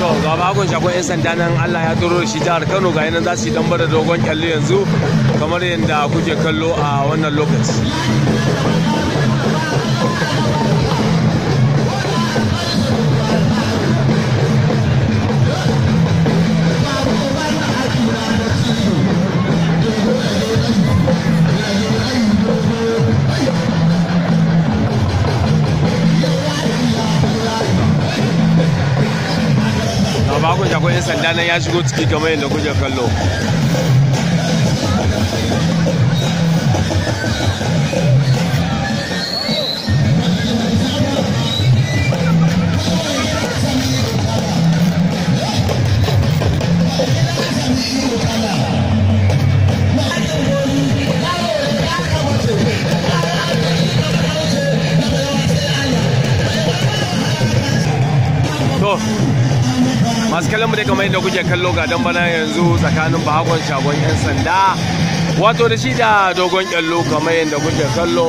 to ga bakon shakon 'yan sanda nan allah ya turo shi jihar kano ga nan za su yi dan bada dogon kyalle yanzu kamar yadda kuke kallo a wannan lokaci bakon akwai yan sanda nan ya shigo ciki kamar yadda kuke kallo masu kalan da dai kamar yadda kuke kallo ga dan bana yanzu tsakanin bahagon shagon yan sanda wato da shi da dogon kyallo kamar yadda kuke kallo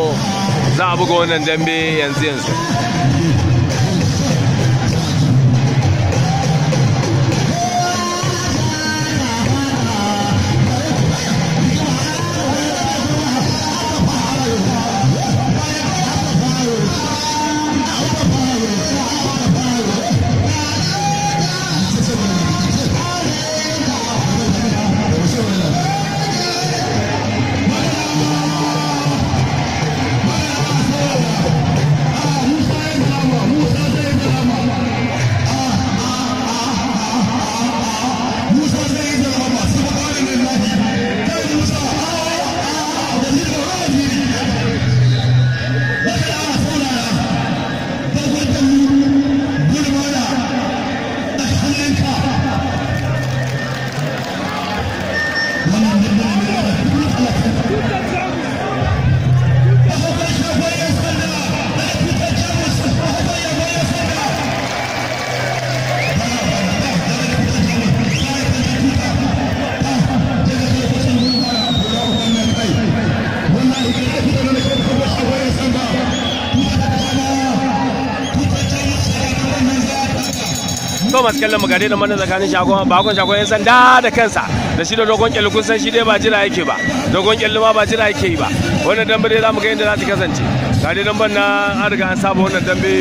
za a buga wannan dambe yanzu yanzu Shoot to masu kallon mu gare da mana tsakanin shagon bakon shagon ya san da kansa da shi da dogon kyalli kun san shi dai ba jira yake ba dogon kyalli ma ba jira yake yi ba wannan dambe dai zamu ga yadda za ta kasance gare nan ban na an riga an saba wannan dambe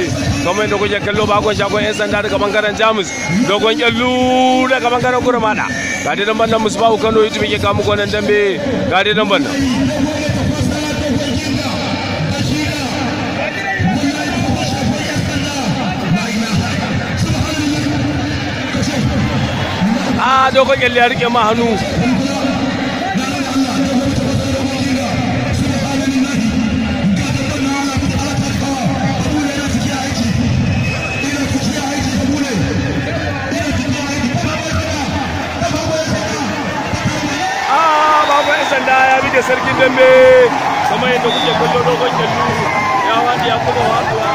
kamar yadda kuke kallo bakon shagon san da daga bangaren jamus dogon kyallu daga bangaren kurmada gare nan ban nan ku kano youtube ke kawo muku wannan dambe gare nan ban nan a dogon kyalle ya rike ma hannu sanda ya bi da sarkin dambe kamar yadda kuke kwallo dogon kyallu ya wani ya kuma watsuwa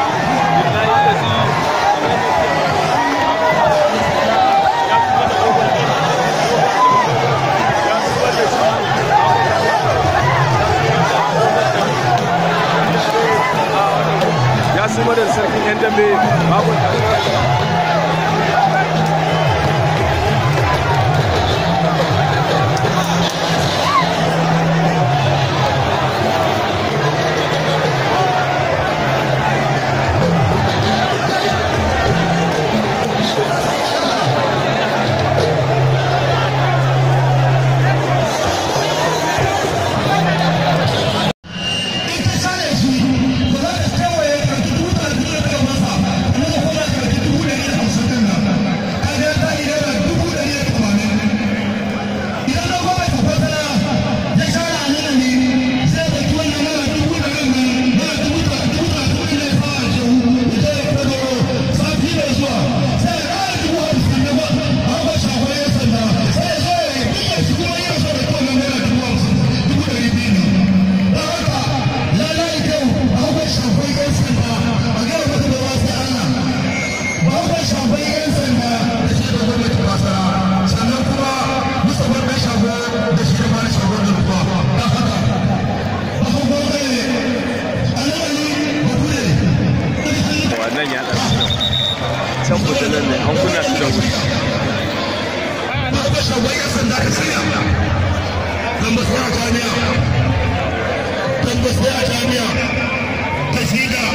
islamiyya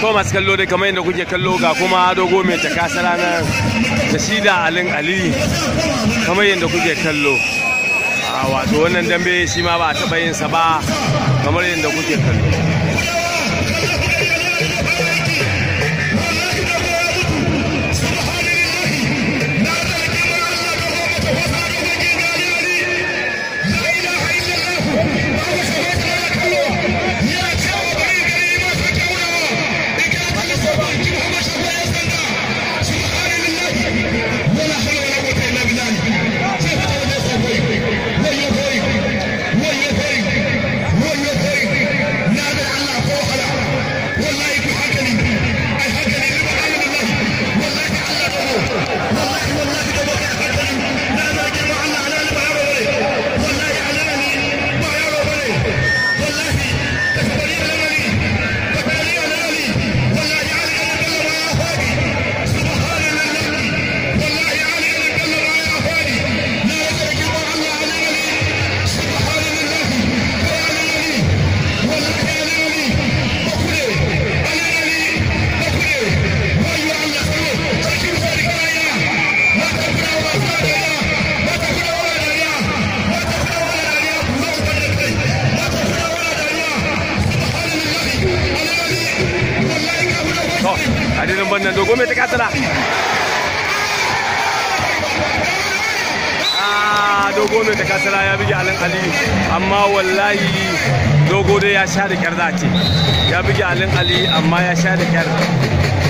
ko masu kallo dai kamar yadda kuke kallo ga kuma dogo mai jaka rana da shi da alin ali kamar yadda kuke kallo a wato wannan dambe shi ma ba a taɓa yinsa ba kamar yadda kuke kallo damban nan dogo mai ta katsala ah, dogo mai ta katsala ya buge alin aliyu amma wallahi dogo dai ya sha da kyar ce ya buge alin aliyu amma ya sha da kyar